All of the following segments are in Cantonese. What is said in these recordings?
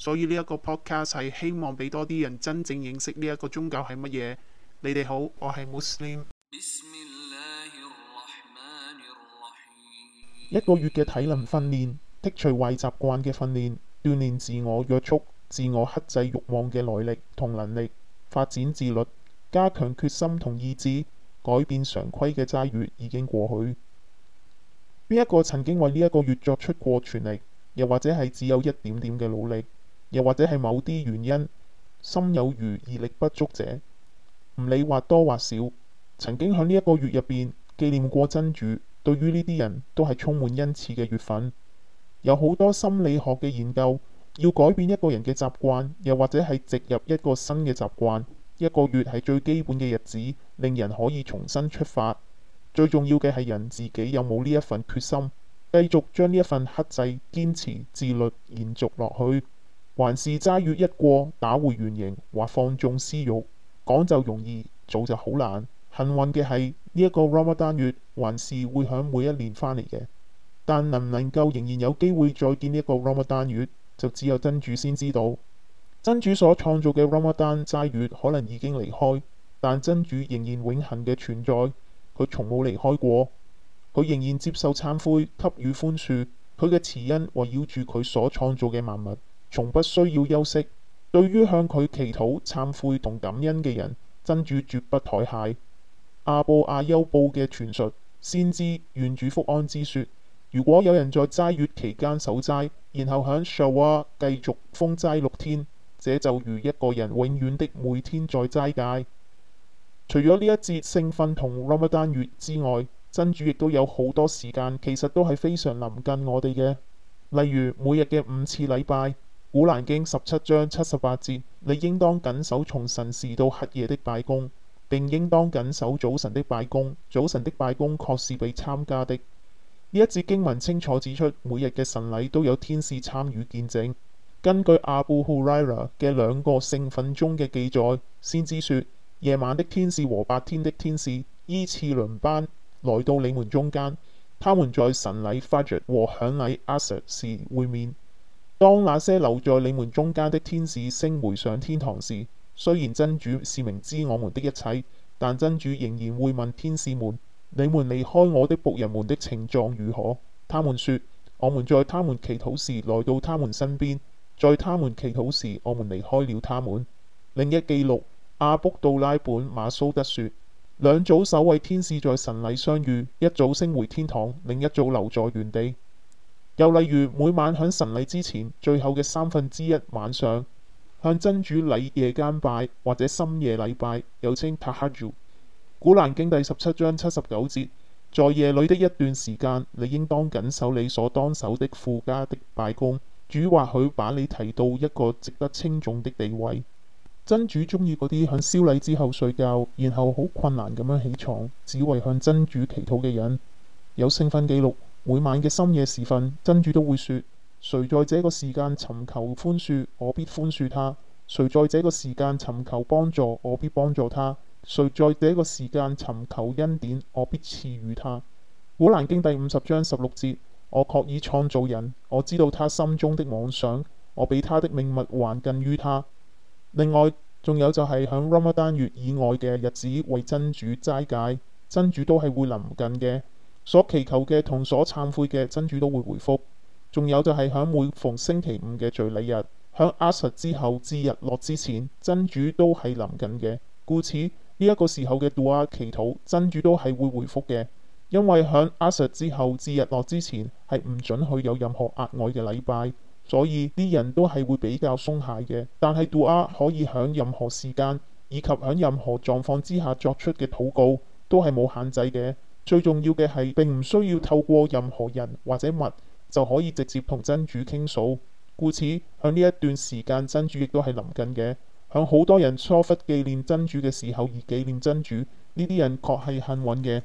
所以呢一個 podcast 係希望俾多啲人真正認識呢一個宗教係乜嘢。你哋好，我係 Muslim。一個月嘅體能訓練、剔除壞習慣嘅訓練、鍛鍊自我約束、自我克制欲望嘅耐力同能力、發展自律、加強決心同意志、改變常規嘅齋月已經過去。邊一個曾經為呢一個月作出過全力，又或者係只有一點點嘅努力？又或者係某啲原因，心有餘而力不足者，唔理或多或少，曾經喺呢一個月入邊紀念過真主。對於呢啲人，都係充滿恩賜嘅月份。有好多心理學嘅研究，要改變一個人嘅習慣，又或者係植入一個新嘅習慣，一個月係最基本嘅日子，令人可以重新出發。最重要嘅係人自己有冇呢一份決心，繼續將呢一份克制、堅持、自律延續落去。還是齋月一過，打回原形或放縱私欲，講就容易，做就好難。幸運嘅係呢一個 Ramadan 月還是會響每一年返嚟嘅，但能唔能夠仍然有機會再見呢一個 Ramadan 月就只有真主先知道。真主所創造嘅 Ramadan 齋月可能已經離開，但真主仍然永恆嘅存在，佢從冇離開過，佢仍然接受懺悔，給予寬恕，佢嘅慈恩圍繞住佢所創造嘅萬物。從不需要休息。對於向佢祈禱、懺悔同感恩嘅人，真主絕不怠懈。阿布阿優布嘅傳述，先知願主福安之說：如果有人在齋月期間守齋，然後喺 Shawwal 繼續封齋六天，這就如一個人永遠的每天在齋戒。除咗呢一節聖訓同 Ramadan 月之外，真主亦都有好多時間，其實都係非常臨近我哋嘅，例如每日嘅五次禮拜。古蘭經十七章七十八節，你應當謹守從晨時到黑夜的拜功，並應當謹守早晨的拜功。早晨的拜功確是被參加的。呢一節經文清楚指出，每日嘅晨禮都有天使參與見證。根據阿布·霍里拉嘅兩個聖訓中嘅記載，先知說，夜晚的天使和白天的天使依次輪班來到你們中間，他們在晨禮 fajr 和響禮 asr、er, 時會面。當那些留在你們中間的天使升回上天堂時，雖然真主是明知我們的一切，但真主仍然會問天使們：你們離開我的僕人們的情狀如何？他們說：我們在他們祈禱時來到他們身邊，在他們祈禱時我們離開了他們。另一記錄：阿卜杜拉本馬蘇德說，兩組守衛天使在神禮相遇，一組升回天堂，另一組留在原地。又例如每晚響神禮之前，最後嘅三分之一晚上，向真主禮夜間拜或者深夜禮拜，又稱塔哈月。古蘭經第十七章七十九節，在夜裏的一段時間，你應當謹守你所當守的附加的拜功。主或許把你提到一個值得稱頌的地位。真主中意嗰啲喺宵禮之後睡覺，然後好困難咁樣起床，只為向真主祈禱嘅人，有聖訓記錄。每晚嘅深夜時分，真主都會說：誰在這個時間尋求寬恕，我必寬恕他；誰在這個時間尋求幫助，我必幫助他；誰在這個時間尋求恩典，我必賜予他。古蘭經第五十章十六節：我確已創造人，我知道他心中的妄想，我比他的命脈還近於他。另外，仲有就係響 Ramadan 月以外嘅日子，為真主齋戒，真主都係會臨近嘅。所祈求嘅同所懺悔嘅真主都會回覆，仲有就係響每逢星期五嘅聚禮日，響阿實之後至日落之前，真主都係臨近嘅。故此呢一個時候嘅杜阿祈禱，真主都係會回覆嘅。因為響阿實之後至日落之前係唔准去有任何額外嘅禮拜，所以啲人都係會比較鬆懈嘅。但係杜阿可以響任何時間以及響任何狀況之下作出嘅禱告，都係冇限制嘅。最重要嘅係，並唔需要透過任何人或者物就可以直接同真主傾訴，故此向呢一段時間，真主亦都係臨近嘅。響好多人疏忽紀念真主嘅時候而紀念真主，呢啲人確係幸運嘅。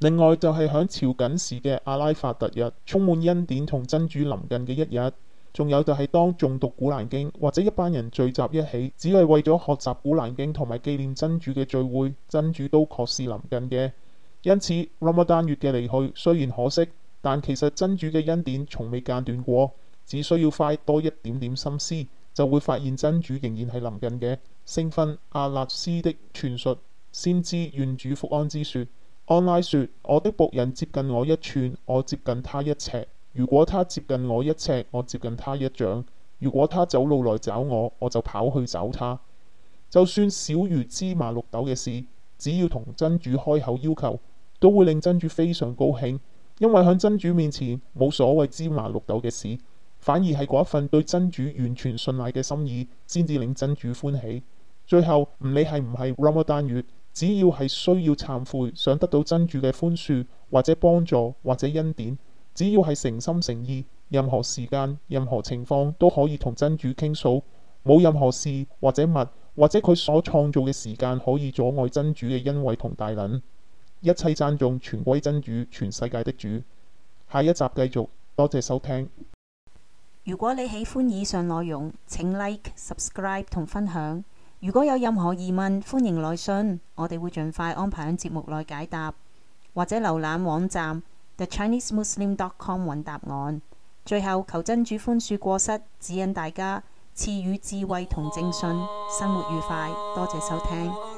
另外就係響朝覲時嘅阿拉法特日，充滿恩典同真主臨近嘅一日，仲有就係當眾讀古蘭經或者一班人聚集一起，只係為咗學習古蘭經同埋紀念真主嘅聚會，真主都確是臨近嘅。因此，賴買丹月嘅離去雖然可惜，但其實真主嘅恩典從未間斷過。只需要花多一點點心思，就會發現真主仍然係臨近嘅。聖訓阿納斯的傳述，先知願主福安之說，安拉說：我的僕人接近我一寸，我接近他一尺；如果他接近我一尺，我接近他一掌；如果他走路來找我，我就跑去找他。就算小如芝麻綠豆嘅事，只要同真主開口要求，都會令真主非常高興，因為喺真主面前冇所謂芝麻綠豆嘅事，反而係嗰一份對真主完全信賴嘅心意，先至令真主歡喜。最後唔理係唔係 Ramadan 月，只要係需要懺悔、想得到真主嘅寬恕或者幫助，或者幫助，或者恩典，只要係誠心誠意，任何時間、任何情況都可以同真主傾訴，冇任何事或者物或者佢所創造嘅時間可以阻礙真主嘅恩惠同大能。一切讚頌全歸真主，全世界的主，下一集繼續，多謝收聽。如果你喜歡以上內容，請 like、subscribe 同分享。如果有任何疑問，歡迎來信，我哋會盡快安排喺節目內解答，或者瀏覽網站 thechinesemuslim.com 揾答案。最後求真主寬恕過失，指引大家，賜予智慧同正信，生活愉快。多謝收聽。